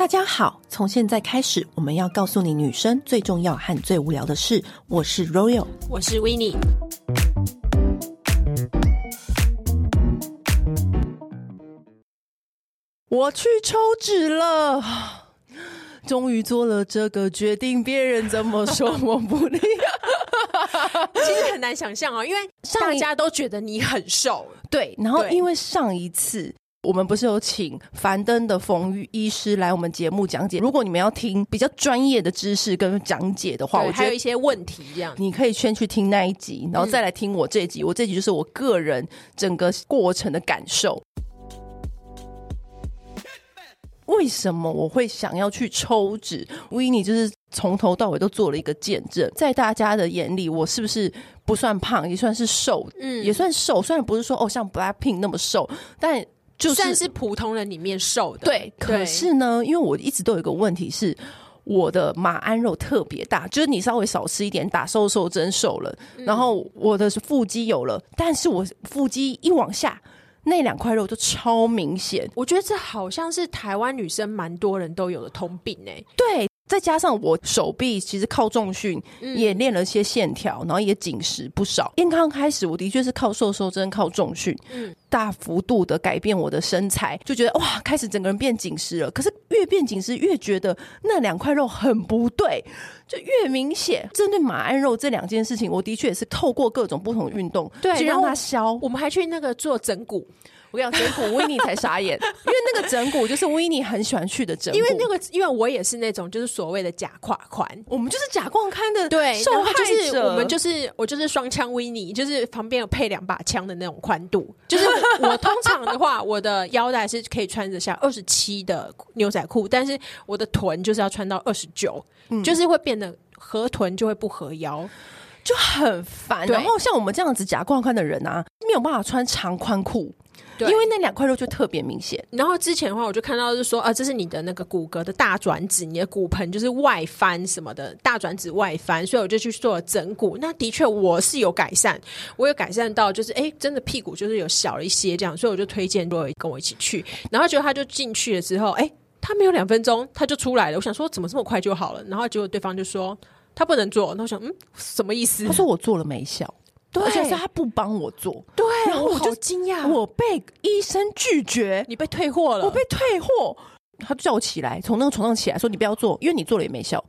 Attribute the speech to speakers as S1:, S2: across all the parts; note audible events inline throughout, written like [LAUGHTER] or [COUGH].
S1: 大家好，從現在開始，我們要告訴你女生最重要和最無聊的事。我是 Royal，
S2: 我是 Winnie。
S1: 我去抽脂了，終於做了這個決定。別人怎麼說我不理。
S2: [LAUGHS] 其實很難想象哦，因為大家都
S1: 覺得你很瘦。對，然後因為上一次。我們不是有請樊登的馮玉醫師來我們節目講解。如果你們要聽比較專業的知識跟講解的話，我覺得還有一些問題這樣，你可以先去聽那一集，然後再來聽我這集。我這集就是我個人整個過程的感受。嗯、為什麼我會想要去抽脂？維尼就是從頭到尾都做了一個見證。在大家的眼裡，我是不是不算胖，也算是瘦，嗯，也算瘦。雖然不是說哦像 Blackpink 那麼瘦，但就是、算是
S2: 普通人裡面瘦的，對，對，可是
S1: 呢，因為我一直都有一個問題是，我的馬鞍肉特別大，就是你稍微少吃一點，打瘦瘦針瘦，瘦了，嗯，然後我的腹肌有了，但是我腹肌一往下那兩塊肉就超明顯，我覺得這好像是台灣女
S2: 生蠻多人都有的通病哎，
S1: 欸，對。再加上我手臂其實靠重訓也練了些線條、嗯，然後也緊實不少。因為剛開始，我的確是靠瘦瘦針、靠重訓，嗯，大幅度的改變我的身材，就覺得哇，開始整個人變緊實了。可是越變緊實，越覺得那兩塊肉很不對，就越明顯。針對馬鞍肉這兩件事情，我的確也是透過各種不同運動，對讓它消。我們還去那個做整骨。我跟你講，整骨 Winnie 才傻眼， [LAUGHS] 因為那個整骨，就是 Winnie 很喜歡去的整骨。 [LAUGHS] 因為那
S2: 個，因為我也是那種就是所謂的假胯寬，我們就是假胯寬的受害者。對那個就是、 [LAUGHS] 我們就是我就是雙槍 Winnie，就是旁邊有配兩把槍的那種寬度。就是我，我通常的話，我的腰帶是可以穿着下二十七的牛仔褲，但是我的臀就是要穿到二十九，就是會變得合臀就會不合腰，就很煩。然後像
S1: 我們這樣子假胯寬的人啊，沒有辦法穿長寬褲。因為那兩塊肉就特別明顯，
S2: 然後之前的話我就看到就是說啊，這是你的那個骨骼的大轉子，你的骨盆就是外翻什麼的，大轉子外翻，所以我就去做了整骨。那的確我是有改善，我有改善到就是哎，真的屁股就是有小了一些這樣，所以我就推薦 Royal 跟我一起去，然後結果他就進去了之後，哎，他沒有兩分鐘他就出來了，我想說怎麼這麼快就好了，然後結果對方就說他不能做，然後我想嗯什麼意思？他說
S1: 我做了沒效。對，而且是他不幫我做，對，然後我就驚訝，我被醫生拒絕，你被退貨了，我被退貨。他就叫我起來，從那個床上起來，說你不要做，因為你做了也沒效。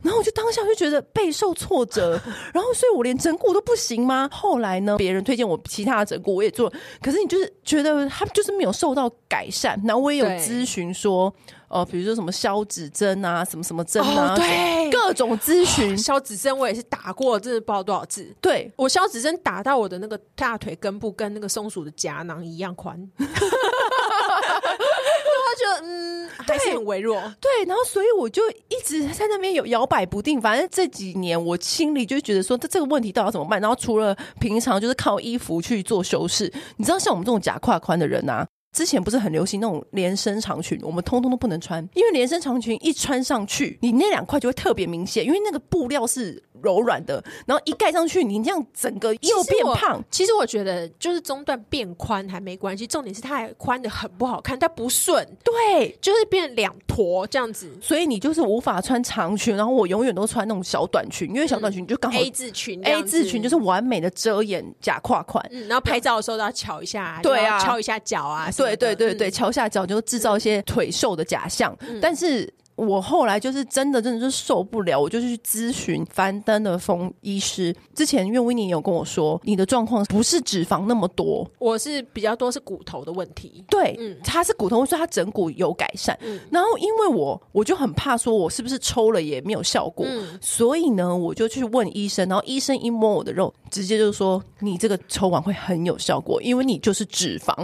S1: 然後我就當下我就覺得備受挫折， [LAUGHS] 然後所以，我連整骨都不行嗎？後來呢，別人推薦我其他的整骨，我也做了，可是你就是覺得他就是沒有受到改善。然後我也有諮詢說。哦，比如說什麼消脂針啊，什麼什麼針啊、哦，對，各種諮詢。消脂
S2: 針我也是打過，這是不知道多少次。對，我消脂針打到我的那個大腿根部，跟那個
S1: 松鼠的夾囊一樣寬。
S2: 我 [LAUGHS] [LAUGHS] [LAUGHS] [LAUGHS] 就嗯，對還是很微弱。
S1: 對，然後所以我就一直在那邊有搖擺不定。反正這幾年我心裡就覺得說，這這個問題到底怎麼辦？然後除了平常就是靠衣服去做修飾。你知道，像我們這種假胯寬的人啊。之前不是很流行那種連身長裙，我們通通都不能穿，因為連身長裙一穿上去，你那兩塊就會特別明顯，因為那個布料是柔軟的，然後一蓋上去，你這樣整個又變胖
S2: 其。其實我覺得就是中段變寬還沒關係，重點是它還寬得很不好看，它不順。對，就是變
S1: 兩坨這樣子，所以你就是無法穿長裙。然後我永遠都穿那種小短裙，因為小短裙就剛好 A 字裙，A 字裙就是完美的遮掩假胯寬。
S2: 然後拍照的時候都要翹一下、啊，對啊，翹一
S1: 下腳啊，對對對對，翹、嗯、下腳就制造一些腿瘦的假象，嗯。但是我後來就是真的，真的就受不了，我就去諮詢樊登的風醫師。之前因為 w 尼有跟我說，你的狀況不是脂肪那麼多，
S2: 我是比較多是骨頭的問題。
S1: 對，嗯、他是骨頭，所以他整骨有改善。嗯、然後因為我我就很怕說，我是不是抽了也沒有效果，嗯？所以呢，我就去問醫生，然後醫生一摸我的肉，直接就說：“你這個抽完會很有效果，因為你就是脂肪。”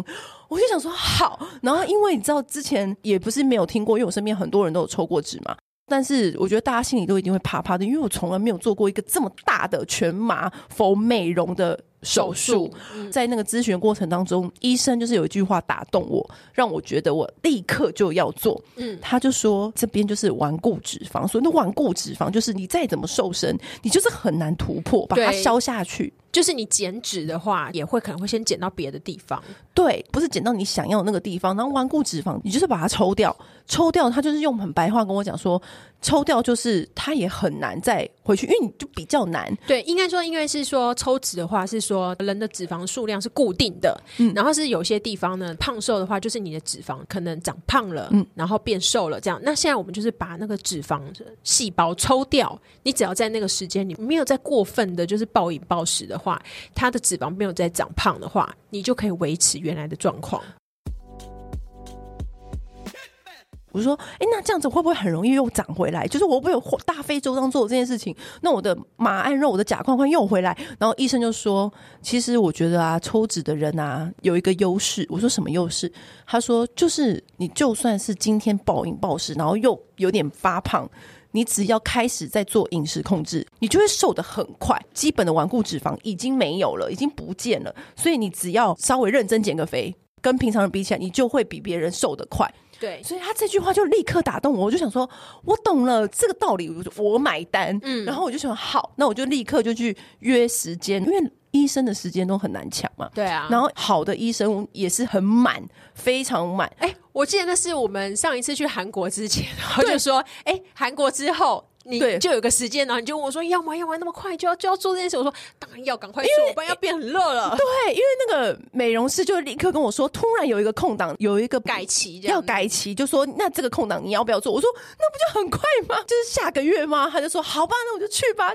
S1: 我就想說，好，然後因為你知道之前也不是沒有聽過，因為我身邊很多人都有抽過脂嘛。但是我覺得大家心裡都一定會怕怕的，因為我從來沒有做過一個這麼大的全麻 for 美容的手術。嗯。在那個諮詢的過程當中，醫生就是有一句話打動我，讓我覺得我立刻就要做。嗯，他就說這邊就是頑固脂肪，所以那頑固脂肪就是你再怎麼瘦身，你就是很難突破，把它消下去。
S2: 就是你減脂的話，也會可能會先減到別
S1: 的地方。對，不是減到你想要的那個地方，然後頑固脂肪，你就是把它抽掉，抽掉它就是用很白話跟我講說，抽掉就是它也很難再回去，因為你就比較難。
S2: 對，應該說因為是說抽脂的話是說人的脂肪數量是固定的，嗯，然後是有些地方呢，胖瘦的話就是你的脂肪可能長胖了，嗯，然後變瘦了這樣。那現在我們就是把那個脂肪細胞抽掉，你只要在那個時間你沒有再過分的就是暴飲暴食的話。話，他的脂肪沒有再長胖的話，你
S1: 就可以維持原來的狀況。我說，哎、欸，那這樣子會不會很容易又長回來？就是我不有大費周章做這件事情，那我的馬鞍肉、我的甲框框又回來。然後醫生就說，其實我覺得啊，抽脂的人啊有一個優勢。我說什麼優勢？他說就是你就算是今天暴飲暴食，然後又有點發胖。你只要開始在做飲食控制，你就會瘦得很快。基本的頑固脂肪已經沒有了，已經不見了。所以你只要稍微認真減個肥，跟平常人比起來，你就會比別人瘦得快。對，所以他這句話就立刻打動我，我就想說，我懂了這個道理，我買單。嗯，然後我就想，好，那我就立刻就去約時間，因為。醫生的時間都很難搶嘛，對啊。然後好的醫生也是很滿，非常滿。哎、
S2: 欸，我記得那是我們上一次去韓國之前，然後就說，哎、欸，韓國之後你就有個時間，然後你就問我說，要嗎？要嗎？那麼快就要就要做這件事？我說當然要，趕快做，要不然要變很熱了。對，
S1: 因為那個美容師就立刻跟我說，突然有一個空檔，有一個改期，要改期，就說那這個空檔你要不要做？我說那不就很快嗎？就是下個月嗎？他就說好吧，那我就去吧。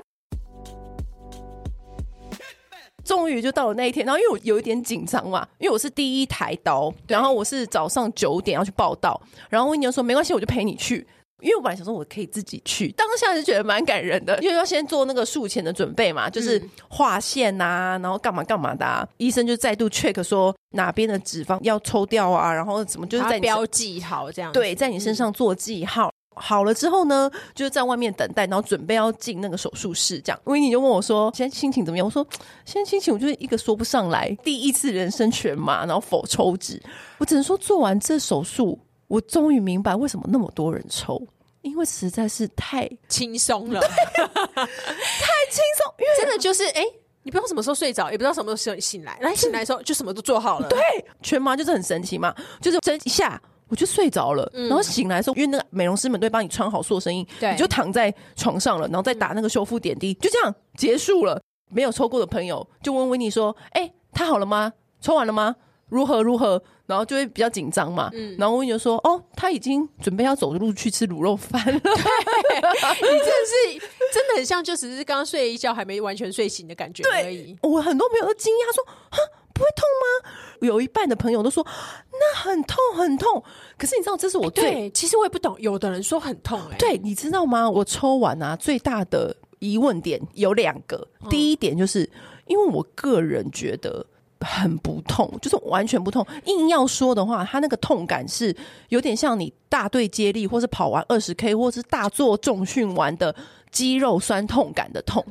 S1: 終於就到了那一天，然後因為我有一點緊張嘛，因為我是第一台刀，然後我是早上九點要去報到，然後 Winnie 就說沒關係，我就陪你去，因為我本來想說我可以自己去，當下就覺得蠻感人的，因為要先做那個術前的準備嘛，就是畫線吶、啊，然後幹嘛幹嘛的，啊，醫生就再度 check 說哪邊的脂肪要抽掉啊，然後怎麼就是在你標記
S2: 好這樣，對，在你身
S1: 上做記號。嗯好了之後呢，就在外面等待，然後準備要進那個手術室。這樣，因為你就問我說：“現在心情怎麼樣？”我說：“現在心情，我就一個說不上來。第一次人生全麻，然後否抽脂，我只能說做完這手術，我終於明白為什麼那麼多人抽，因為實在是太輕
S2: 鬆了， [LAUGHS] 太輕鬆。因為真的就是，哎、欸，你不知道什麼時候睡着，也不知道什麼時候醒醒來，然後醒來的時候就什麼都做
S1: 好了。對，全麻就是很神奇嘛，就是針一下。”我就睡着了、嗯，然後醒來的時候，因為那個美容師們都幫你穿好塑身衣，你就躺在床上了，然後再打那個修復點滴，就這樣結束了。沒有抽過的朋友就問 Winnie 說：“哎、欸，他好了嗎？抽完了嗎？如何如何？”然後就會比較緊張嘛、嗯。然後 Winnie 就說：“哦、喔，他已經準備要走路去吃滷肉飯
S2: 了。對” [LAUGHS] 你真的是真的很像，就只是剛睡一覺還沒完全睡醒的感覺而已。
S1: 我很多朋友都驚訝說：“哈。”會痛嗎？有一半的朋友都說那很痛很痛，可是你知道這是我、欸、對……其實我也不懂。有的人說很痛、欸，誒，對，你知道嗎？我抽完啊，最大的疑問點有兩個。嗯、第一點就是因為我個人覺得很不痛，就是完全不痛。硬要說的話，他那個痛感是有點像你大隊接力，或是跑完二十 K，或是大作重訓完的肌肉痠痛感的痛。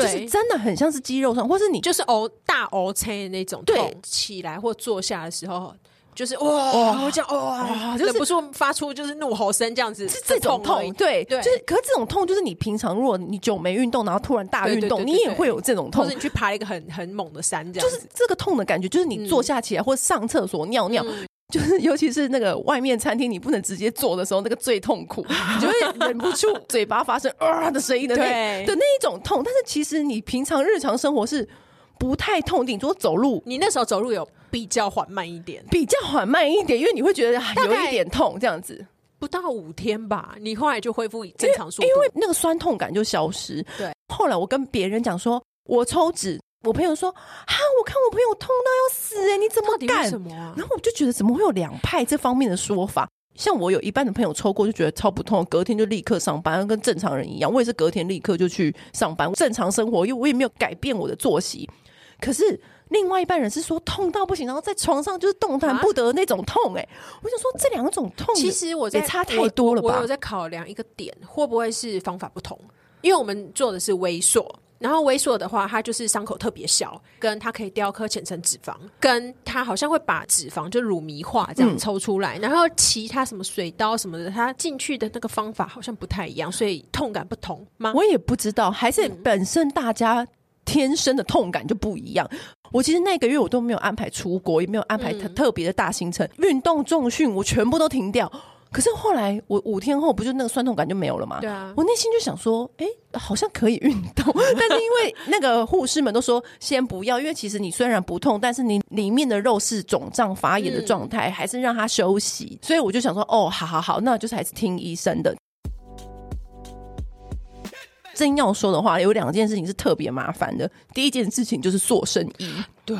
S2: 就是真的很像是肌肉痛，或是你就是哦，大哦，C 的那種痛對，起來或坐下的時候，就是哇，我講哇,哇，就是不是發出就是怒吼聲這樣子，是這種痛，對，對就是
S1: 可是這種痛，就是你平常如果你久沒運動，然後突然大運動對對對對，你也會有這種痛，就是你去爬一個很很猛的山這樣，就是這個痛的感覺，就是你坐下起來、嗯、或上廁所尿尿。嗯就是，尤其是那個外面餐廳，你不能直接坐的時候，那個最痛苦， [LAUGHS] 你就會忍不住嘴巴發生啊、呃、的聲音的，對，對，的那一種痛。但是其實你平常日常生活是不太痛，頂多走路。你那時候走路有比較緩慢一點，比較緩慢一點，因為你會覺得有一點痛，這樣子。不到
S2: 五天吧，你後來就恢復正
S1: 常速度因，因為那個酸痛感就消失。對，後來我跟別人講說，我抽脂。我朋友說：“哈，我看我朋友痛到要死哎、欸，你怎麼幹什麼、啊？”然後我就覺得，怎麼會有兩派這方面的說法？像我有一半的朋友抽過，就覺得超不痛，隔天就立刻上班，跟正常人一樣。我也是隔天立刻就去上班，正常生活，因為我也沒有改變我的作息。可是另外一半人是說痛到不行，然後在床上就是動彈不得那種痛、欸。哎、啊，我想說這兩種痛，其實我在也差太多了吧我我？我有在
S2: 考量一個點，會不會是方法不同？因為我們做的是威塑。然後威塑的話，它就是傷口特別小，跟它可以雕刻淺層脂肪，跟它好像會把脂肪就乳糜化這樣抽出來、嗯。然後其他什麼水刀什麼的，它進去的那個
S1: 方法好像不太一樣，所以痛感不同嗎？我也不知道，還是本身大家天生的痛感就不一樣、嗯。我其實那個月我都沒有安排出國，也沒有安排特別的大行程，嗯、運動重訓我全部都停掉。可是後來，我五天後不就那個酸痛感就沒有了嗎？對啊，我內心就想說，哎、欸，好像可以運動， [LAUGHS] 但是因為那個護士們都說先不要，因為其實你雖然不痛，但是你裡面的肉是腫脹發炎的狀態、嗯，還是讓他休息。所以我就想說，哦，好好好，那就是還是聽醫生的。真 [LAUGHS] 要說的話，有兩件事情是特別麻煩的。第一件事情就是塑身衣，啊、對。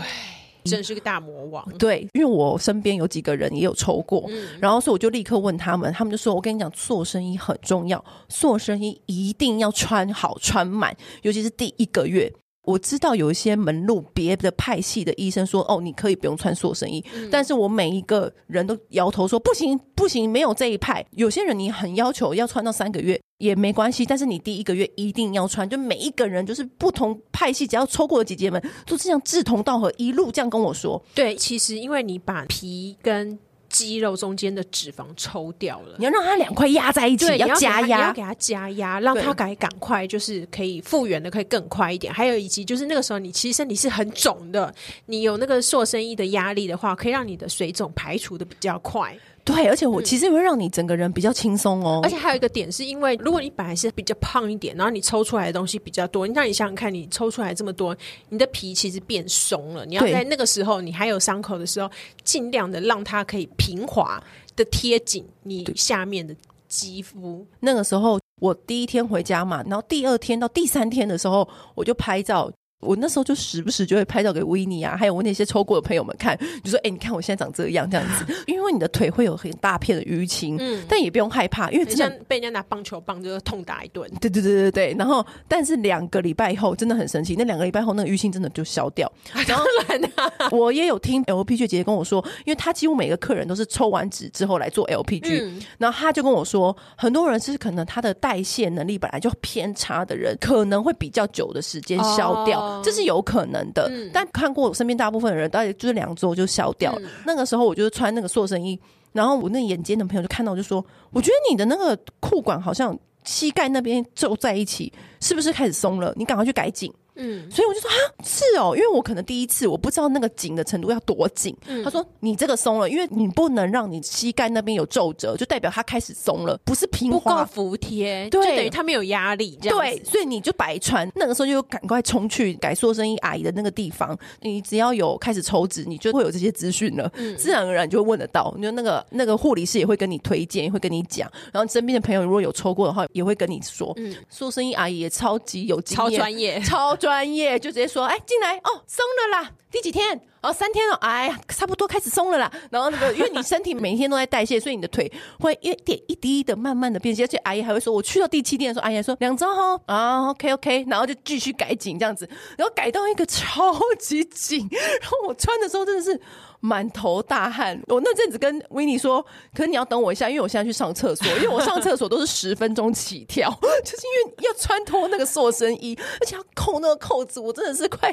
S2: 真是個大魔王。
S1: 對，因為我身邊有幾個人也有抽過、嗯，然後所以我就立刻問他們，他們就說：“我跟你講，塑身衣很重要，塑身衣一定要穿好穿滿，尤其是第一個月。”我知道有一些門路，別的派系的醫生說，哦，你可以不用穿塑身衣，嗯、但是我每一個人都搖頭說，不行不行，沒有這一派。有些人你很要求要穿到三個月也沒關係，但是你第一個月一定要穿。就每一個人就是不同派系，只要抽過的姐姐們，都是這樣志同道合，一路這樣跟我說。
S2: 對，其實因為你把皮跟。肌肉中間的脂肪抽掉了，你要讓它兩塊壓在一起，要加壓，你要給它加壓，讓它趕趕快，就是可以復原的，可以更快一點。還有，以及就是那個時候，你其實身體是很腫的，你有那個塑身衣的壓力的話，可以讓你的水腫排除的比較快。
S1: 對，而且我其實會讓你整個人比較輕鬆哦。嗯，而且
S2: 還有一個點，是因為如果你本來是比較胖一點，然後你抽出來的東西比較多，那你想想看，你抽出來這麼多，你的皮其實變鬆了。你要在那個時候，你還有傷口的時候，盡量的讓它可以平滑的貼緊你下面的肌膚。
S1: 那個時候，我第一天回家嘛，然後第二天到第三天的時候，我就拍照。我那時候就時不時就會拍照給 Winnie 啊，還有我那些抽過的朋友們看，就說：“哎、欸，你看我現在長這個樣，這樣子， [LAUGHS] 因為你的腿會有很大片的淤青、嗯，但也不用害怕，因為之前
S2: 被人家拿棒球棒就是痛打一頓，
S1: 對對對對對。然後，但是兩個禮拜以後真的很神奇，那兩個禮拜後那個淤青真的就消掉。當然呢、啊， [LAUGHS] 我也有聽 LPG 姐姐跟我說，因為她幾乎每個客人都是抽完脂之後來做 LPG，、嗯、然後她就跟我說，很多人是可能他的代謝能力本來就偏差的人，可能會比較久的時間消掉。哦”這是有可能的，嗯、但看過我身邊大部分的人，大概就是兩周就消掉了、嗯、那個時候，我就穿那個塑身衣，然後我那眼尖的朋友就看到，就說：“我覺得你的那個褲管好像膝蓋那邊皺在一起，是不是開始鬆了？你趕快去改緊。”嗯，所以我就說哈，是哦，因為我可能第一次我不知道那個緊的程度要多緊，嗯。他說，你這個鬆了，因為你不能讓你膝蓋那邊有皺褶，就代表它開始鬆了，不是平滑，不夠服帖對，就等於它沒有壓力這樣，對，所以你就白穿，那個時候就趕快衝去改說生意阿姨的那個地方。你只要有開始抽脂，你就會有這些資訊了，嗯，自然而然就會問得到。你說那個那個護理師也會跟你推薦，也會跟你講，然後身邊的朋友如果有抽過的話，也會跟你說。嗯，說生意阿姨也超級有經驗，超專業，超專業。專業就直接說，哎、欸，進來哦，鬆了啦，第幾天？哦，三天了，哦，哎呀，差不多開始鬆了啦。然後那個，因為你身體每一天都在代謝，所以你的腿會一點一滴的慢慢的變細。而且阿姨還會說，我去到第七天的時候，阿姨還說兩周齁啊，OK OK，然後就繼續改緊這樣子，然後改到一個超級緊，然後我穿的時候真的是。滿頭大汗，我那陣子跟 Winnie 說，可是你要等我一下，因為我現在去上廁所，因為我上廁所都是十分鐘起跳， [LAUGHS] 就是因為要穿脫那個塑身衣，而且要扣那個扣子，我真的是快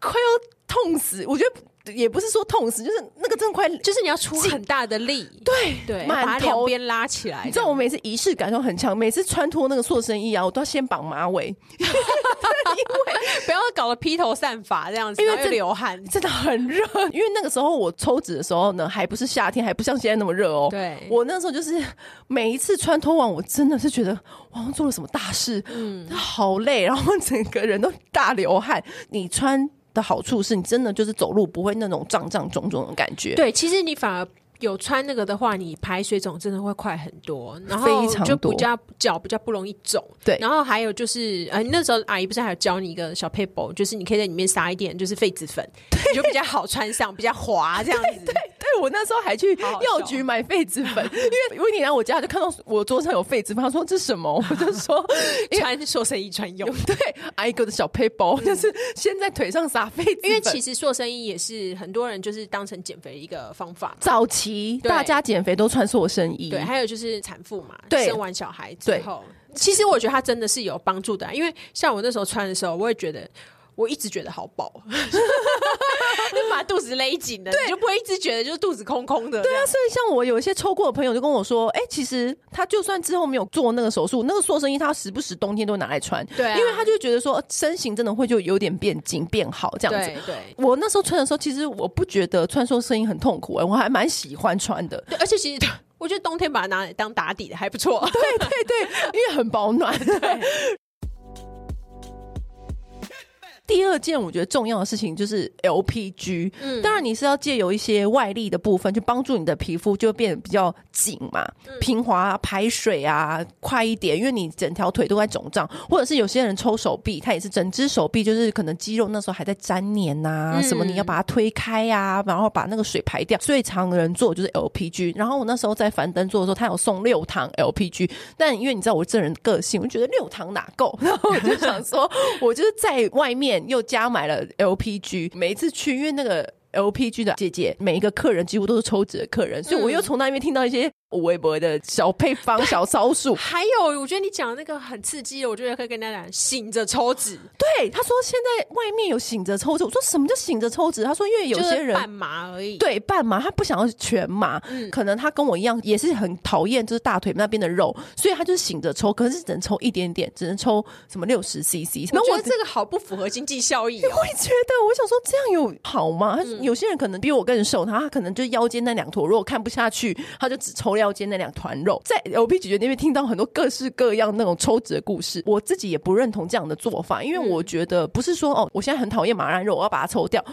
S1: 快要痛死，我覺得。也不是說痛死，就是那個真的快，就是你要出很大的力，對對，對頭把頭邊拉起來。你知道我每次儀式感受很強，每次穿脫那個塑身衣啊，我都要先綁馬尾，
S2: [LAUGHS] [LAUGHS] 因為不要搞得披頭散髮這樣子，因為這流汗真的
S1: 很熱。因為那個時候我抽脂的時候呢，還不是夏天，還不像現在那麼熱哦。對，我那時候就是每一次穿脫完，我真的是覺得哇我做了什麼大事，嗯，好累，然後整個人都大流汗。你穿。的好處是你真的就是走路不會那種脹脹腫腫的感覺。對，
S2: 其實你反而有穿那個的話，你排水腫真的會快很多，然後就比較腳比較不容易腫。對，然後還有就是呃，那時候阿姨不是還有教你一個小撇步，就是你可以在裡面撒一點就是痱子粉，對
S1: 你就比較好穿上，比較滑這樣子。對對我那時候還去藥局買痱子粉，因為如果你來我家，就看到我桌上有痱子粉， [LAUGHS] 他說，這是什麼？啊、我就說穿塑身衣，穿用，對，挨個的小配包、嗯、就是先在腿上撒痱子粉，因為其實
S2: 塑身衣也是很多人就是當成減肥一個方法。
S1: 早期大家減肥都穿塑身衣對，對，還
S2: 有就是產婦嘛，生完小孩之後，其實我覺得它真的是有幫助的，因為像我那時候穿的時
S1: 候，我也覺得。我一直覺得好飽 [LAUGHS] ，
S2: 就把肚子勒緊了，對，就不會一直覺得就是肚子空空的。
S1: 對啊，所以像我有一些抽過的朋友就跟我說，哎，其實他就算之後沒有做那個手術，那個塑身衣他時不時冬天都拿來穿。對啊，因為他就覺得說身形真的會就有點變緊變好這樣子。對，對，我那時候穿的時候，其實我不覺得穿塑身衣很痛苦欸，我還蠻喜歡穿的。
S2: 對，而且其實我覺得冬天把它拿來當打底的還
S1: 不錯啊。對對對，因為很保暖。 [LAUGHS] 對。 [LAUGHS] 第二件我覺得重要的事情就是 LPG，當然你是要借由一些外力的部分去幫助你的皮膚就會變得比較緊嘛，平滑、啊、排水啊快一點，因為你整條腿都在腫脹，或者是有些人抽手臂，他也是整只手臂就是可能肌肉那時候還在沾黏啊，什麼你要把它推開呀、啊，然後把那個水排掉。最常的人做就是 LPG，然後我那時候在樊登做的時候，他有送六堂 LPG，但因為你知道我這個人個性，我覺得六堂哪夠，然後我就想說，我就是在外面。 [LAUGHS] 又加買了 LPG，每一次去，因為那個 LPG 的姐姐，每一個客人幾乎都是抽脂的客人、嗯，所以我又從那邊聽到一些。微博的小配方、小招數，
S2: 還有我覺得你講的那個很刺激的，我覺得可以跟大家講醒着抽脂。
S1: 對，他說現在外面有醒着抽脂。我說什麼叫醒着抽脂？他說因為有些人半麻而已，對半麻，他不想要全麻。嗯。可能他跟我一樣也是很討厭，就是大腿那邊的肉，所以他就是醒着抽，可是只能抽一點點，只能抽什麼六十 cc。那我覺得這個好不
S2: 符合經濟效益
S1: 喔。你會覺得，我想說這樣有好嗎？嗯。有些人可能比我更瘦，他可能就腰間那兩坨，如果看不下去，他就只抽。腰間那兩團肉，在 o p 姐姐那邊聽到很多各式各樣那種抽脂的故事，我自己也不認同這樣的做法，因為我覺得不是說哦，我現在很討厭馬鞍肉，我要把它抽掉。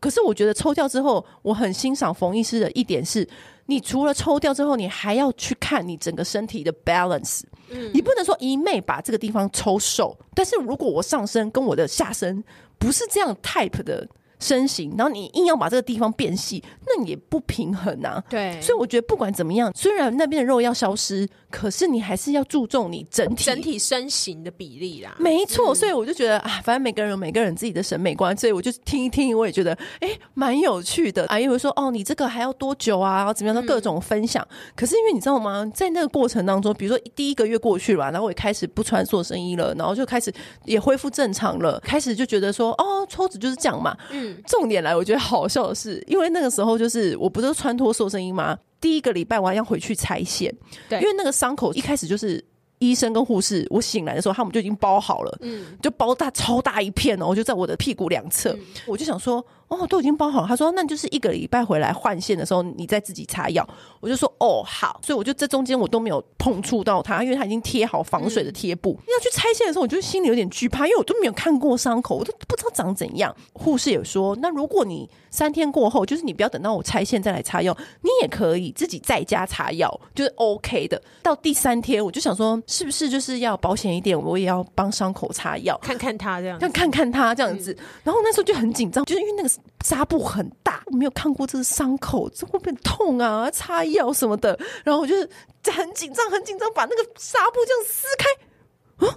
S1: 可是我覺得抽掉之後，我很欣賞馮醫師的一點是，你除了抽掉之後，你還要去看你整個身體的 balance。嗯，你不能說一昧把這個地方抽瘦，但是如果我上身跟我的下身不是這樣 type 的。身形，然後你硬要把這個地方變細，那你也不平衡啊！對，所以我覺得不管怎麼樣，雖然那邊的肉要消失。可是你還是要注重你整體整
S2: 體身形的比例啦，
S1: 沒錯。所以我就覺得啊，反正每個人有每個人自己的審美觀，所以我就聽一聽，我也覺得哎，蠻有趣的啊。因為說哦，你這個還要多久啊？怎麼樣？都各種分享。可是因為你知道嗎，在那個過程當中，比如說第一個月過去了，然後我也開始不穿塑身衣了，然後就開始也恢復正常了，開始就覺得說哦，抽脂就是這樣嘛。嗯，重點來，我覺得好笑的是，因為那個時候就是我不是都穿脫塑身衣嗎？第一個禮拜我還要回去拆線，對，因為那個傷口一開始就是醫生跟護士。我醒來的時候，他們就已經包好了，嗯，就包大超大一片哦，喔，就在我的屁股兩側，嗯。我就想說。哦，都已經包好。他說：“那就是一個禮拜回來換線的時候，你再自己擦藥。”我就說：“哦，好。”所以我就這中間我都沒有碰觸到他，因為他已經貼好防水的貼布。要、嗯、去拆線的時候，我就心裡有點懼怕，因為我都沒有看過傷口，我都不知道長怎樣。護士也說：“那如果你三天過後，就是你不要等到我拆線再來擦藥，你也可以自己在家擦藥，就是 OK 的。”到第三天，我就想說：“是不是就是要保險一點，我也要幫傷口擦藥，看看他這樣，看、嗯、看看他這樣子。”然後那時候就很緊張，就是因為那個。紗布很大，我沒有看過這個傷口，這會不會痛啊？擦藥什麼的，然後我就是很緊張，很緊張，把那個紗布這樣撕開。哦、啊，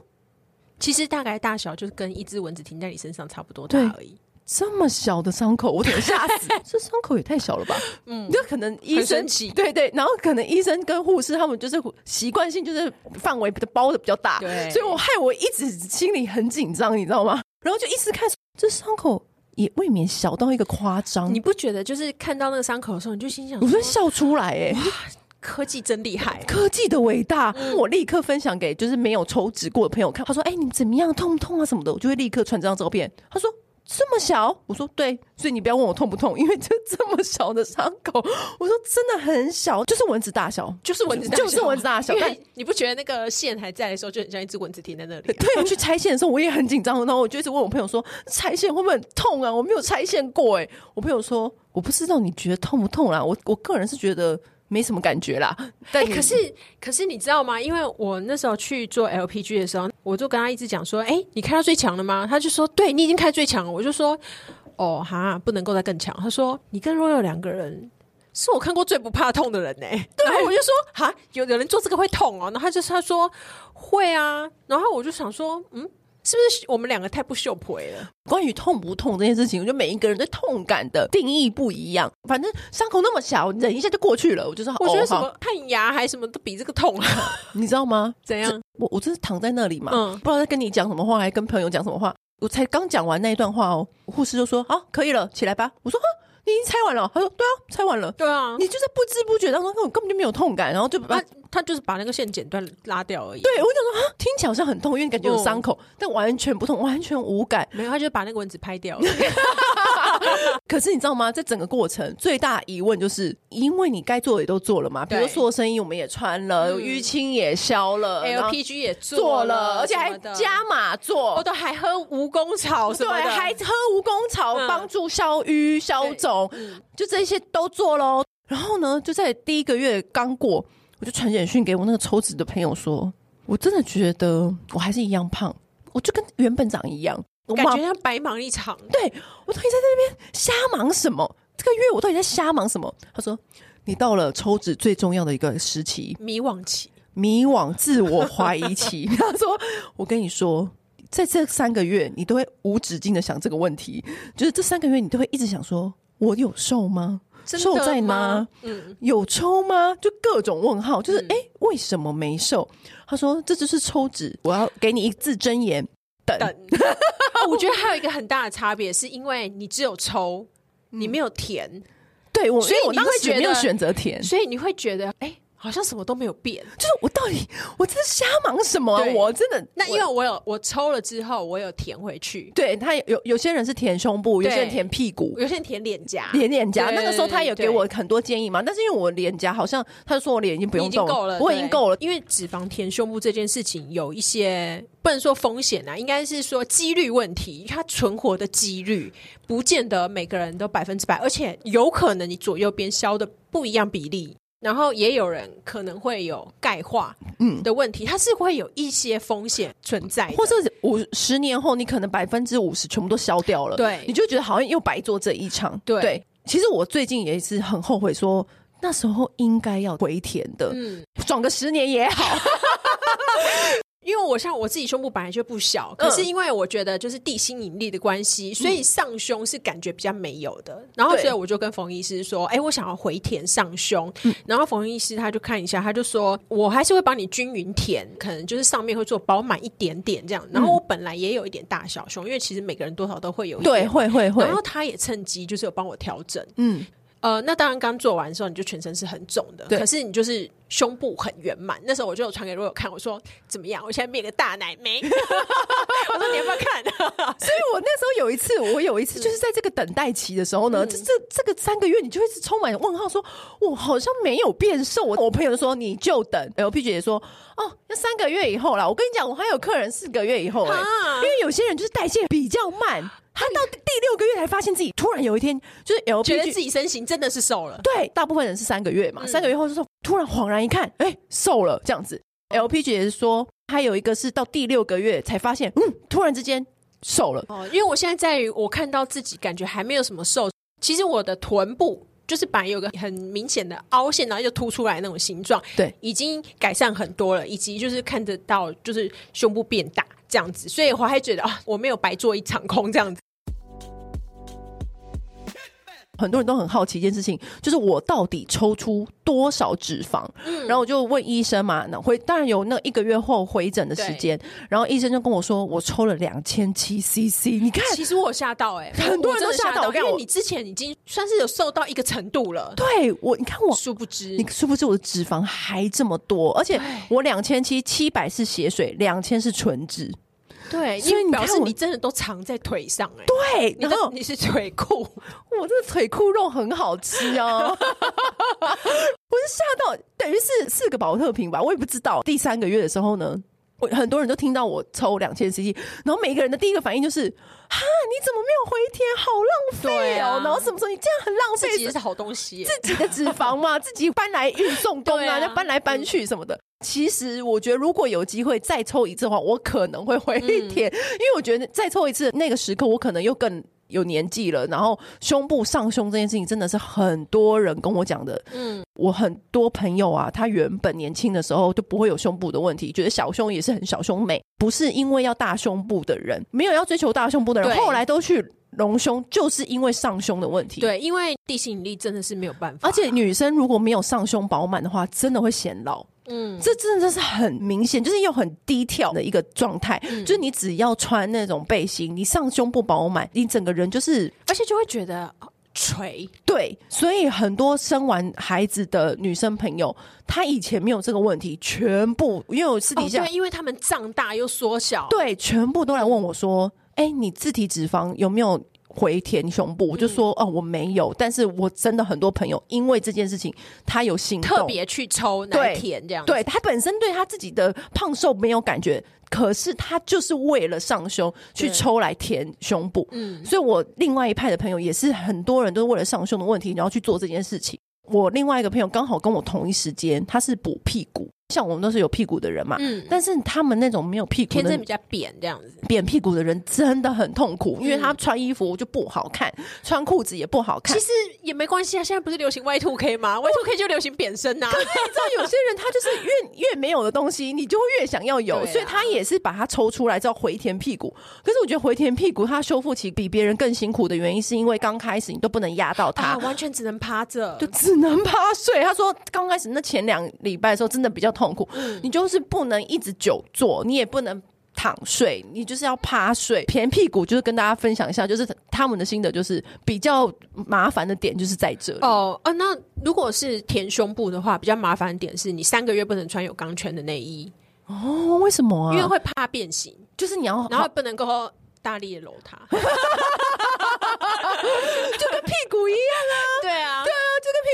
S1: 其實大概大小就是跟一隻蚊子停在你身上差不多大而已。這麼小的傷口，我挺嚇死。 [LAUGHS] 這傷口也太小了吧？ [LAUGHS] 嗯，那可能醫生，生氣，對對，然後可能醫生跟護士他們就是習慣性就是範圍包的比較大對，所以我害我一直心裡很緊張，你知道嗎？然後就一直看這傷口。也未免小到一個誇張，你不覺得？就是看到
S2: 那個傷口的時候，你就心想說，我就
S1: 笑出來哎、欸！哇，
S2: 科技真厲害、啊，
S1: 科技的偉大、嗯！我立刻分享給就是沒有抽脂過的朋友看，他說：“哎、欸，你怎麼樣？痛不痛啊？什麼的？”我就會立刻傳這張照片，他說。這麼小，我說，對，所以你不要問我痛不痛，因為這這麼小的傷口，我說真的很小，就是蚊子大小， [LAUGHS] 就是蚊子大，就是蚊子大小。但
S2: 你不覺得那個線還在的時候，就很像一隻蚊子停在那裡、啊？
S1: 對， [LAUGHS] 我去拆線的時候，我也很緊張。然後我就一直問我朋友說，拆線會不會很痛啊？我沒有拆線過誒、欸，我朋友說我不知道，你覺得痛不痛啦、啊？我我個人是覺得沒什麼感覺啦。對，欸、可
S2: 是可是你知道嗎？因為我那時候去做 LPG 的時候。我就跟他一直講說，哎、欸，你開到最強了嗎？他就說，對，你已經開最強了。我就說，哦，哈，不能夠再更強。他說，你跟 Royal 兩個人是我看過最不怕痛的人呢、欸。然後我就說，哈，有有人做這個會痛哦、喔。然後
S1: 他就他就說，會啊。然後我就想說，嗯。是不
S2: 是我們兩個太不秀
S1: h 了？關於痛不痛這件事情，我覺得每一個人對痛感的定義不一樣。反正傷口那麼小，忍一下就過去了。我就說我覺得什麼
S2: 看牙還什麼都比這個痛，
S1: [LAUGHS] 你知道嗎？怎樣？我我這是躺在那裡嘛、嗯，不知道在跟你講什麼話，還跟朋友講什麼話？我才剛講完那一段話哦，護士就說：“哦、啊，可以了，起來吧。”我說：“哈。”你已經拆完了喔？他說對啊，拆完了。對啊，你就是不知不覺當中，根本就沒有痛感，然後就把他，啊，他就是把那個線剪斷拉掉而已。對，我想說啊，聽起來好像很痛，因為感覺有傷口，嗯，但完全不痛，完全無感。沒有，他就把那個蚊子拍掉了。 [LAUGHS] [LAUGHS] 可是你知道嗎？這整個過程最大疑問就是，因為你該做的也都做了嘛，比如說塑身衣，我們也穿了淤、嗯、青也消了，LPG 也做了，做了而且還加碼做，我、哦、都還喝蜈蚣草對，還喝蜈蚣草幫、嗯、助消瘀消腫，就這些都做嘍、嗯。然後呢，就在第一個月剛過，我就傳簡訊給我那個抽脂的朋友說，我真的覺得我還是一樣胖，我就跟原本長一樣。我感覺像白忙一場。對，我到底在在那邊瞎忙什麼？這個月我到底在瞎忙什麼？他說：“你到了抽脂最重要的一個時期——迷惘期、迷惘自我懷疑期。”他說：“我跟你說，在這三個月，你都會無止境的想這個問題。就是這三個月，你都會一直想：說我有瘦嗎？瘦在嗎？嗯，有抽嗎？就各種問號。就是哎、欸，為什麼沒瘦？”他說：“這就是抽脂。我要給你一字真言。”等，等， [LAUGHS] 我
S2: 覺得還有一個很大的差別，是因為你只有抽，嗯、你沒有填。
S1: 對我，所以我當時沒有選擇填，所
S2: 以你會覺得，哎。好像什麼都沒
S1: 有變，就是我到底我真的瞎忙什麼啊？我真的，
S2: 那因為我有我，我抽了之後，我有填回去。
S1: 對，他有，有些人是填胸部，有些人填屁股，
S2: 有些人填臉頰，填臉頰。那個時候他也給我很
S1: 多建議嘛。對對對對，但是因為我臉頰好像，他說我臉已經不用動了，我已經夠了。因為脂
S2: 肪填胸部這件事情有一些不能說風險啊，應該是說幾率問題，它存活的幾率不見得每個人都百分之百，而且有可能你左右邊消的不一樣比例。然後也有人可能會有鈣化嗯的
S1: 問題，嗯，它是會有一些風險存在的，或者五十年後你可能百分之五十全部都消掉了，對，你就覺得好像又白做這一場，對。對，其實我最近也是很後悔說，說那時候應該要回填的，嗯，轉個十年也好。 [LAUGHS] [LAUGHS]
S2: 因為我像我自己胸部本來就不小，嗯，可是因為我覺得就是地心引力的關係，所以上胸是感覺比較沒有的。嗯，然後所以我就跟馮醫師說：“哎，欸，我想要回填上胸。嗯”然後馮醫師他就看一下，他就說：“我還是會幫你均勻填，可能就是上面會做飽滿一點點這樣。”然後我本來也有一點大小胸，因為其實每個人多少都會有。對，
S1: 會會會。然後他
S2: 也趁機就是有幫我調整，嗯。呃，那當然，剛做完的時候你就全身是很腫的，對。可是你就是胸部很圓滿。那時候我就傳給 Royal 看，我說怎麼樣？我現在變個大奶妹。 [LAUGHS] [LAUGHS] 我說
S1: 你有沒有看？ [LAUGHS] 所以我那時候有一次，我有一次就是在這個等待期的時候呢，這這這個三個月你就一直充滿問號說，說、嗯、我好像沒有變瘦。我我朋友說你就等，哎，P 姐姐說哦，那三個月以後啦。我跟你講，我還有客人四個月以後、欸、因為有些人就是代謝比較慢。他到第六個月才發現自己突然有一天就是 LPG 覺得自己身形真的是瘦了。對，大部分人是三個月嘛，嗯、三個月後說突然恍然一看，哎、欸，瘦了這樣子。LPG 姐姐是說，她有一個是到第六個月才發現，嗯，突然之間瘦了。
S2: 哦，因為我現在在於我看到自己感覺還沒有什麼瘦，其實我的臀部就是本來有個很明顯的凹陷，然後又凸出來那種形狀，對，已經改善很多了，以及就是看得到就是胸部變大。這樣子，所以我還覺得啊、哦，我沒有白做一場空這樣子。
S1: 很多人都很好奇一件事情，就是我到底抽出多少脂肪？嗯、然後我就問醫生嘛，那回當然有那個一個月後回診的時間，然後醫生就跟我說，我抽了兩千七 CC。你
S2: 看，其實我有嚇到哎、欸，很多人都嚇到，嚇到，因為你之前已經算是有瘦到一個程度
S1: 了。對，我你看我，殊不知你殊不知我的脂肪還這麼多，而且我兩千七，七百是血水，兩千是純脂。
S2: 對，因為表示你真的都藏在腿上哎、欸，
S1: 對，然後你是腿褲，我這腿褲肉很好吃哦、啊， [LAUGHS] [LAUGHS] 我是嚇到，等於是四個寶特瓶吧，我也不知道。第三個月的時候呢，我很多人都聽到我抽兩千 cc，然後每一個人的第一個反應就是，哈，你怎麼沒有回填？好浪費哦、啊，然後什麼時候你這樣很浪費？自己的是好東西、欸，自己的脂肪嘛、啊， [LAUGHS] 自己搬來運送工啊，啊要搬來搬去什麼的。嗯其實我覺得，如果有機會再抽一次的話，我可能會回填，因為我覺得再抽一次，那個時刻我可能又更有年紀了。然後胸部上胸這件事情，真的是很多人跟我講的。嗯，我很多朋友啊，他原本年輕的時候就不會有胸部的問題，覺得小胸也是很小胸美，不是因為要大胸部的人，沒有要追求大胸部的人，後來都去隆胸，就是因為上胸的問題。對，
S2: 因為地心引力真的是沒有
S1: 辦法。而且女生如果沒有上胸飽滿的話，真的會顯老。嗯，這真的就是很明顯，就是又很低調的一個狀態，嗯，就是你只要穿那種背心，你上胸不飽滿，你整個人就是，
S2: 而且就會覺得、哦、垂。
S1: 對，所以很多生完孩子的女生朋友，她以前沒有這個問題，全部因為我私底下、哦，對，因
S2: 為他們脹大又縮小，
S1: 對，全部都來問我說，哎、欸，你自體脂肪有沒有？回填胸部，我就說哦，我沒有，但是我真的很多朋友因為這件事情，他有行動，特別
S2: 去抽來填這樣。對，對
S1: 他本身對他自己的胖瘦沒有感覺，可是他就是為了上胸去抽來填胸部。嗯，所以我另外一派的朋友也是很多人都是為了上胸的問題，然後去做這件事情。我另外一個朋友剛好跟我同一時間，他是補屁股。像我們都是有屁股的人嘛，嗯，但是他們那種沒有屁股的天生比較扁，這樣子扁屁股的人真的很痛苦，因為他穿衣服就不好看，嗯、穿褲子也不好看。其實
S2: 也沒關係啊，現在不是流行 Y two K 嗎？Y two K 就流行扁身吶、啊。你知道有些人他就是
S1: 越 [LAUGHS] 越沒有的東西，你就會越想要有、啊，所以他也是把它抽出來，叫回填屁股。可是我覺得回填屁股，他修復起比別人更辛苦的原因，是因為剛開始你都不能壓到他、啊，
S2: 完全只能趴着，
S1: 就只能趴睡。他說剛開始那前兩禮拜的時候，真的比較。痛苦、嗯，你就是不能一直久坐，你也不能躺睡，你就是要趴睡。填屁股就是跟大家分享一下，就是他們的心得，就是比較麻煩的點就是在這裡哦。啊、哦，
S2: 那如果是填胸部的話，比較麻煩的點是你三個月不能穿有鋼圈的內衣哦。為什麼啊？因為會怕變形，就是你要，然後不能夠大力的揉它， [LAUGHS] [LAUGHS] 就跟屁股一樣啊。對啊。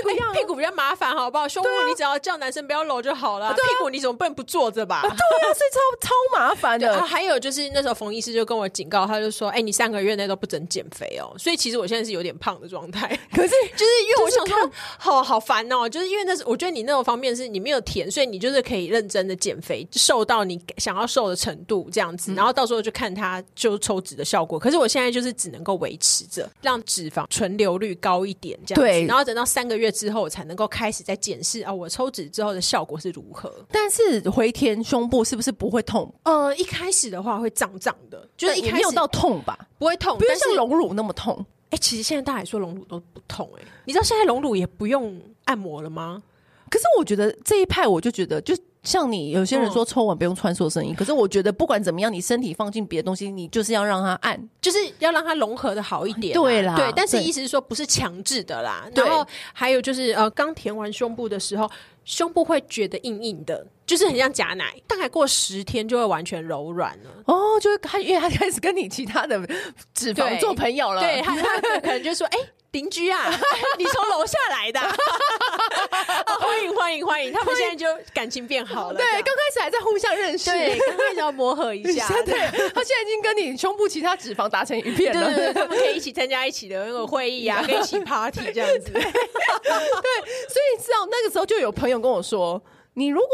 S2: 欸、屁股比較麻煩，好不好？胸部你只要叫男生不要摟就好了、啊啊。屁股你總不能不坐着吧？對啊，所以超超麻煩的、啊。還有就是那時候馮醫師就跟我警告，他就說：“哎、欸，你三個月內都不准減肥哦、喔。”所以其實我現在是有點胖的狀態。可是 [LAUGHS] 就是因為我想說、就是、看，好好煩哦、喔。就是因為那是我覺得你那種方面是你沒有填，所以你就是可以認真的減肥，瘦到你想要瘦的程度這樣子。然後到時候就看他就抽脂的效果。可是我現在就是只能夠維持着，讓脂肪存留率高一點這樣子。然後等到三個月。之後才能夠開始在檢視啊，我抽脂之後的效果是如何？
S1: 但是回填胸部是不是不會痛？呃，一開始的話會
S2: 脹脹的，就是一開始也沒有到
S1: 痛吧，不會痛，不會像隆乳那麼痛。哎、欸，其實現在大家說隆乳都不痛哎、欸，你知道現在隆乳也不用按摩了嗎？可是我覺得這一派，我就覺得就。像你有些人說抽完不用穿塑身衣。嗯，可是我覺得不管怎麼樣，你身體放進別的東西，你就是要讓它按，就是
S2: 要讓它融合的好一點啊。對啦，對。但是意思是說不是強制的啦。然後還有就是呃，剛填完胸部的時候，胸部會覺得硬硬的，就是很像假奶。大概過十天就會完全柔軟了。哦，就是因為它開始跟你其他的脂肪做朋友了。對，它可能就說哎。 [LAUGHS] 欸鄰居啊，你從樓下來的， [LAUGHS] [LAUGHS] 歡迎歡迎歡迎！他們現在就感情變好了，對，
S1: 剛開始還在互相認識，對，剛開始要磨合一下， [LAUGHS] 對，他現在已經跟你胸部其他脂肪打成一片了，對，對，對，他們可以一起參加一起的那個會議啊， [LAUGHS] 可以一起 party 這樣子，對，對所以你知道那個時候就有朋友跟我說。你如果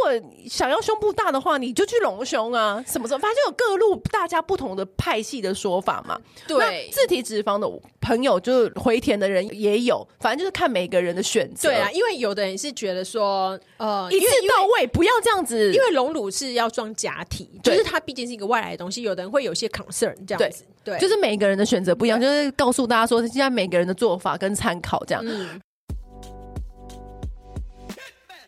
S1: 想要胸部大的話，你就去隆胸啊，什麼什麼，反正有各路大家不同的派系的說法嘛。對，那自體脂肪的朋友就是回填的人也有，反正就是看每個人的選擇。對啊，因為
S2: 有的人是覺得說，呃，一次到
S1: 位，不要這樣子，因為隆乳
S2: 是要裝假體，就是它畢竟是一個外來的東西，有的人會有些 concern 這樣子。對，對就是
S1: 每個人的選擇不一樣，就是告訴大家說，現在每個人的做法跟參考這樣。嗯。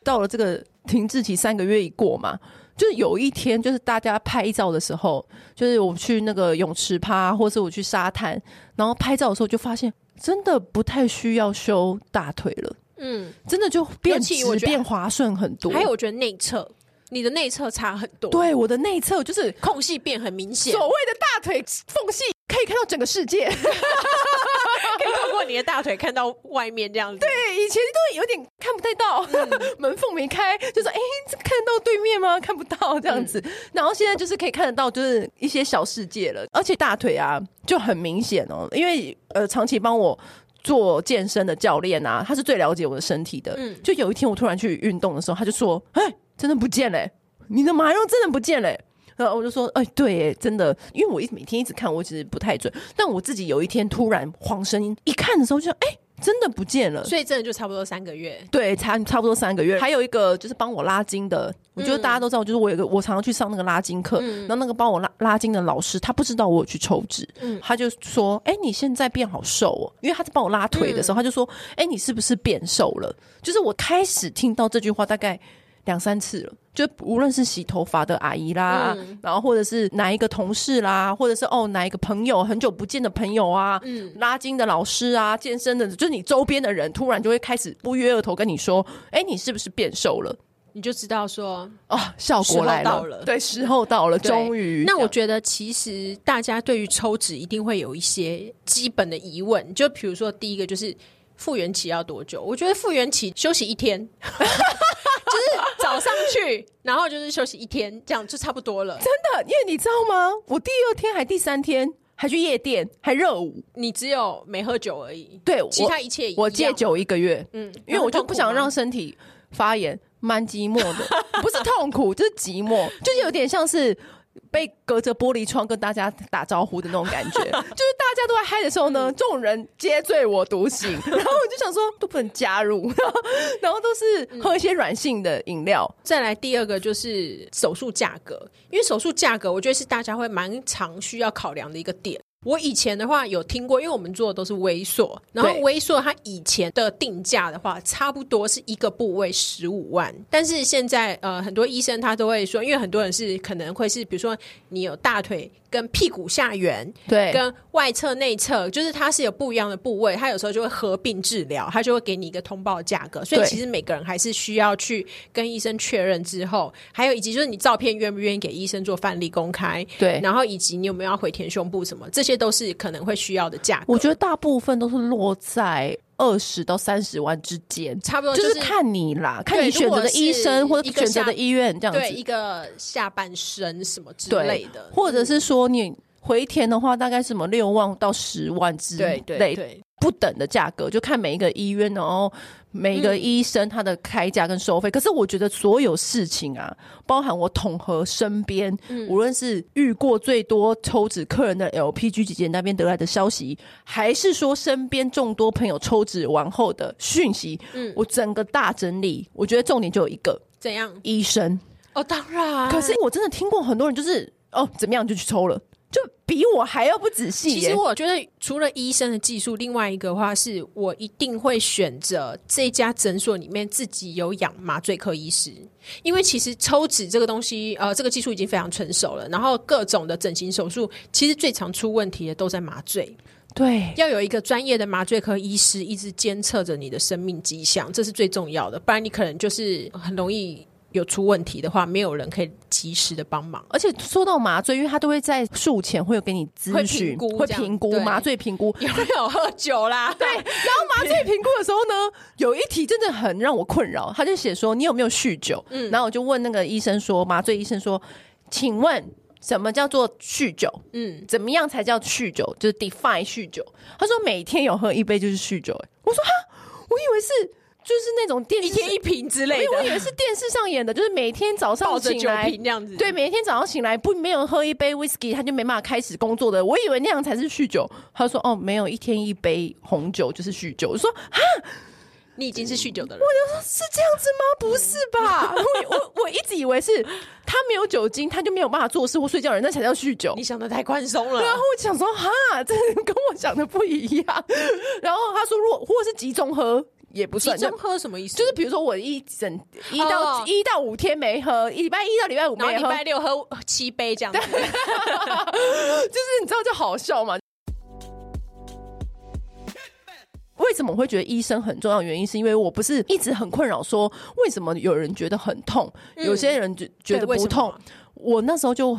S1: 到了這個。停滯期三個月一過嘛，就是有一天，就是大家拍照的時候，就是我去那個泳池趴，或是我去沙灘，然後拍照的時候就發現，真的不太需要修大腿了。嗯，真的就變直變滑順很多。還有，我
S2: 覺得內側，你的內側差很多。對，我的內側就是空隙變很明顯。所謂的大腿縫隙，可以看到整個世界， [LAUGHS] [LAUGHS] 可以透過
S1: 你的大腿看到外面這樣子。對。以前都有點看不太到，嗯、 [LAUGHS] 門縫沒開，就說哎、欸，看得到對面嗎？看不到這樣子。嗯、然後現在就是可以看得到，就是一些小世界了。而且大腿啊，就很明顯哦，因為呃，長期幫我做健身的教練啊，他是最了解我的身體的。嗯，就有一天我突然去運動的時候，他就說：“哎、欸，真的不見了、欸，你的馬肉真的不見了、欸。”然後我就說：“哎、欸，對、欸，真的，因為我一每天一直看，我其實不太準。但我自己有一天突然晃聲音一看的時候就，就、欸、哎。”真的不見了，所
S2: 以真的就差不多三
S1: 個月。對，差差不多三個月。還有一個就是幫我拉筋的、嗯，我覺得大家都知道，就是我有個我常常去上那個拉筋課、嗯，然後那個幫我拉拉筋的老師，他不知道我有去抽脂、嗯，他就說：“哎、欸，你現在變好瘦哦、喔。”因為他在幫我拉腿的時候，嗯、他就說：“哎、欸，你是不是變瘦了？”就是我開始聽到這句話，大概。兩三次了，就無論是洗頭髮的阿姨啦，嗯、然後或者是哪一個同事啦，或者是哦哪一個朋友，很久不見的朋友啊，嗯，拉筋的老師啊，健身的，就是你周邊的人，突然就會開始不約而同跟你說：“哎，你是不是變瘦了？”
S2: 你就知道說：“哦，效果來了。時候到了。”對，
S1: 時候到了，終於。那我覺得其實大家對於抽脂一定會有
S2: 一些基本的疑問，就比如說第一個就是復原期要多久？我覺得復
S1: 原期休息一天。 [LAUGHS]
S2: 就是早上去，然後就是休息一天，這樣就差不多了。 [LAUGHS] 真
S1: 的，因為你知道嗎？我第二天還、第三天還去夜店，還熱舞。
S2: 你只有沒喝酒而已，對，我其他一切一樣。我戒
S1: 酒一個月。
S2: 嗯，因為我就不想
S1: 讓身體發炎，蠻寂寞的，不是痛苦， [LAUGHS] 就是寂寞，就是有點像是。被隔着玻璃窗跟大家打招呼的那種感覺， [LAUGHS] 就是大家都在嗨的時候呢，眾人皆醉我獨醒。然後我就想說，都不能加入，然後，然後都是喝一些軟性的飲料。嗯。再來第二個就是手術
S2: 價格，因為手術價格，我覺得是大家會蠻常需要考量的一個點。我以前的話有聽過，因為我們做的都是威塑，然後威塑它以前的定價的話，差不多是一個部位十五萬。但是現在呃，很多醫生他都會說，因為很多人是可能會是，比如說你有大腿跟屁股下緣，對，跟外側內側，就是它是有不一樣的部位，它有時候就會合併治療，它就會給你一個統包價格。所以其實每個人還是需要去跟醫生確認之後，還有以及就是你照片願不願意給醫生做範例公開，對，然後以及你有沒有要回填胸部什麼這些。這都是可能會需要的
S1: 價格，我覺得大部分都是落在二十到三十萬之間，差不多就是、就是、看你啦，看你選擇的醫生或者選擇的醫院這樣子，一個下，一
S2: 個下半身什麼之類的、嗯，或
S1: 者是說你回填的話，大概什麼六萬到十萬之類。對，對，對不等的價格，就看每一個醫院，哦，每一個醫生他的開價跟收費。嗯。可是我覺得所有事情啊，包含我統合身邊。嗯，無論是遇過最多抽脂客人的 LPG 姐姐那邊得來的消息，還是說身邊眾多朋友抽脂完後的訊息。嗯，我整個大整理，我覺得重點就有一個，怎樣？醫生。哦，當然。可是我真的聽過很多人就是哦，怎麼樣就去抽了。就比我還要不仔細。其實我
S2: 覺得，除了醫生的技術，另外一個話是我一定會選擇這家診所裡面自己有養麻醉科醫師，因為其實抽脂這個東西，呃，這個技術已經非常成熟了。然後各種的整形手術，其實最常出問題的都在麻醉。
S1: 對，
S2: 要有一個專業的麻醉科醫師一直監測着你的生命跡象，這是最重要的。不然你可能就是很容易，有出問題的話，沒有人可以及時的幫忙。
S1: 而且說到麻醉，因為他都會在術前會有給你諮詢、會評估，會評估麻醉評估。有沒有喝酒啦？ [LAUGHS] 對。然後麻醉評估的時候呢，有一題真的很讓我困擾。他就寫說：“你有沒有酗酒？”嗯。然後我就問那個醫生說：“麻醉醫生說，請問什麼叫做酗酒？嗯，怎麼樣才叫酗酒？就是 define 酗酒。”他說：“每天有喝一杯就是酗酒欸。”我說哈，我以為是。就是那種電視一天一瓶之類的，我以為是電視上演的，就是每天早上醒來，抱著酒瓶這樣子，對，每天早上醒來不沒有喝一杯 whiskey，他就沒辦法開始工作的。我以為那樣才是酗酒。他說：“哦，沒有，一天一杯紅酒就是酗酒。”我說：“啊，
S2: 你已經是酗酒
S1: 的人。”人我就說：“是這樣子嗎？不是吧？ [LAUGHS] 我我我一直以為是他沒有酒精，他就沒有辦法做事或睡覺人，人那才叫酗酒。你想的太寬鬆了。”然後我想說：“哈，這跟我想的不一樣。”然後他說：“如果或是集中喝。”也不算真喝什麼意思？就是比如說，我一整一到、Oh. 一到五天沒喝，一禮拜一到禮拜五沒，沒喝，禮拜六喝七杯這樣，對， [LAUGHS] [LAUGHS] 就是你知道就好笑嘛？ [LAUGHS] 為什麼會覺得醫生很重要？原因是因為我不是一直很困擾，說為什麼有人覺得很痛，嗯、有些人就覺得不痛？我那時候就。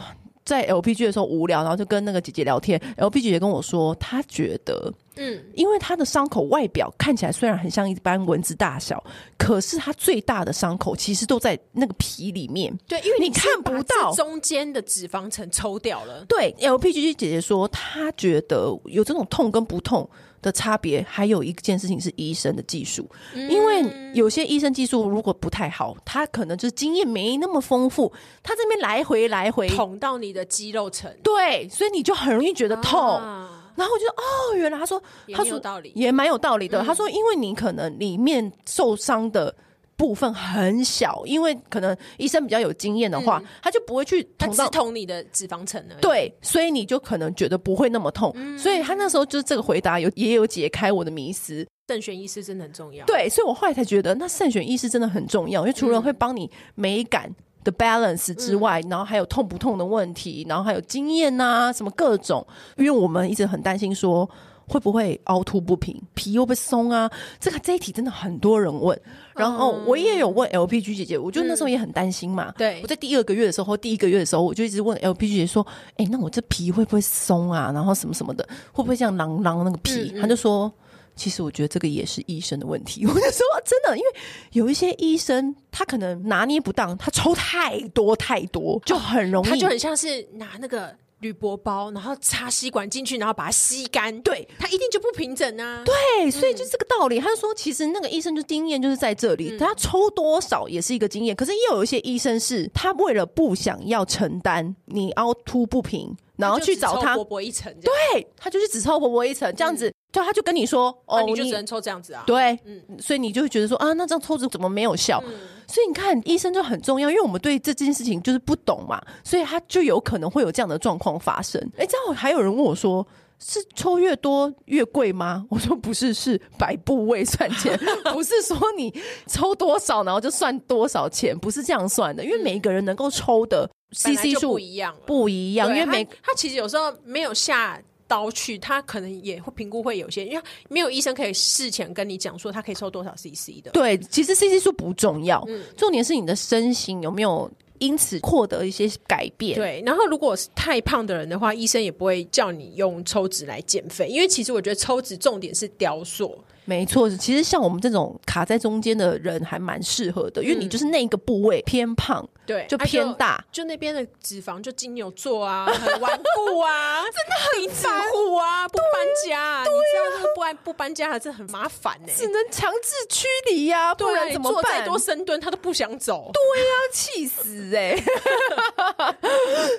S1: 在 LPG 的時候無聊，然後就跟那個姐姐聊天。LPG 姐姐跟我說，她覺得，嗯，因為她的傷口外表看起來雖然很像一般蚊子大小，可是她最大的傷口其實都在那個皮裡面。對，因為你看不
S2: 到中間的脂肪層抽掉了。
S1: 對，LPG 姐姐說，她覺得有這種痛跟不痛。的差別，還有一件事情是醫生的技術、嗯，因為有些醫生技術如果不太好，他可能就是經驗沒那麼豐富，他這邊來回來回捅
S2: 到你的肌肉層，
S1: 對，所以你就很容易覺得痛。啊、然後我就哦，原來他說，也有他說道理也蠻有道理的、嗯，他說因為你可能裡面受傷的。部分很小，因為可能醫生比較有經驗的話，嗯、他就不
S2: 會去刺痛你的脂肪層。對，
S1: 所以你就可能覺得不會那麼痛。嗯、所以他那時候就是這個回答，有也有解開我的迷思。
S2: 慎選醫師真的很重要。
S1: 對，所以我後來才覺得，那慎選醫師真的很重要，因為除了會幫你美感的 balance 之外，嗯、然後還有痛不痛的問題，然後還有經驗吶、啊，什麼各種。因為我們一直很擔心說。會不會凹凸不平？皮會不會鬆啊？這個這一題真的很多人問。然後我也有問 LPG 姐姐，我就那時候也很擔心嘛、嗯。對，我在第二個月的時候，或第一個月的時候，我就一直問 LPG 姐姐說：“哎、欸，那我這皮會不會鬆啊？然後什麼什麼的，會不會像囊囊那個皮？”她、嗯嗯、就說：“其實我覺得這個也是醫生的問題。”我就說：“真的，因為有一些醫生他可能拿捏不當，他抽太多太多，就很容易、啊，他就很
S2: 像是拿那個。”鋁箔包，然後插吸管進去，然後把它吸乾，對它
S1: 一定就不平整啊。對，嗯、所以就這個道理。他就說，其實那個醫生就經驗就是在這裡、嗯，他抽多少也是一個經驗。可是也有一些醫生是他為了不想要承擔你凹凸不平，然後去找他薄薄
S2: 一層，對
S1: 他就是只抽薄薄一層這樣，對薄薄一層這樣子、嗯，就他就跟你說，哦、啊，你就只能抽這樣子啊。對，嗯、所以你就會覺得說啊，那這樣抽脂怎麼沒有效？嗯所以你看，醫生就很重要，因為我們對這件事情就是不懂嘛，所以他就有可能會有這樣的狀況發生。哎、欸，這樣還有人問我說：“是抽越多越貴嗎？”我說：“不是，是百部位算錢， [LAUGHS] 不是說你抽多少然後就算多少錢，不是這樣算的，因為每一個人能夠抽的 CC 數不一樣，不一樣。因為每
S2: 他，他其實有時候沒有下。”刀去，他可能也會評估會有些，因為沒有醫生可以事前跟你講說他可以抽多少 cc 的。對，
S1: 其實 cc 數不重要、嗯，重點是你的身形有沒有因此獲得一些改變。對，
S2: 然後如果是太胖的人的話，醫生也不會叫你用抽脂來減肥，因為其實我覺得抽脂重點是雕塑。
S1: 沒錯，其實像我們這種卡在中間的人還蠻適合的，嗯、因為你就是那個部位偏胖。對，就偏大，啊、
S2: 就，就那邊的脂肪，就金牛座啊，很頑固啊， [LAUGHS] 真的很執虎啊，不搬家，啊，對，對、啊、不搬不搬家還、啊、是很麻煩呢，欸，只能強制驅離呀，不然做，啊、再多
S1: 深蹲他都不想走，對呀，啊，氣死哎，欸！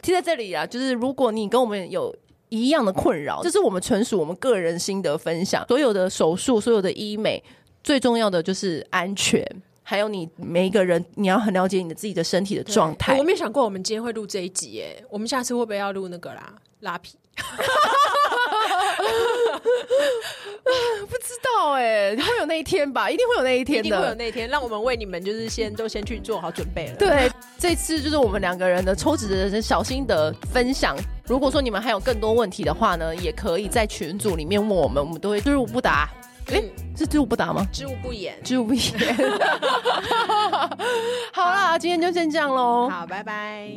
S1: 貼 [LAUGHS] [LAUGHS] 在這裡啊，就是如果你跟我們有一樣的困擾，這，就是我們純屬我們個人心得分享，所有的手術，所有的醫美，最重要的就是安全。還有你每一個人，你要很了解你的自己的身體的狀態，嗯。我
S2: 沒有想過我們今天會錄這一集耶，欸，我們下次會不會要錄那個啦？拉皮？ [LAUGHS] [LAUGHS] [LAUGHS] 啊，
S1: 不知道哎，欸，會有那一天吧？一定會有那一天的，一定會有
S2: 那一天。讓我們為你們就是先都先去做好準備了。對，
S1: 這次就是我們兩個人的抽脂的小心得分享。如果說你們還有更多問題的話呢，也可以在群組裡面問我們，我們都會對我不答。哎，知無不答嗎？知無不言，知無不言。 [LAUGHS] 好啦，今天就先這樣嘍。好，拜拜。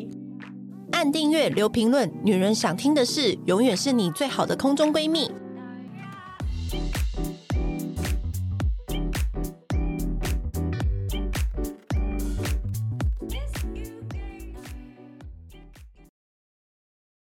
S1: 按訂閱，留評論，女人想聽的事，永遠是你最好的空中閨蜜。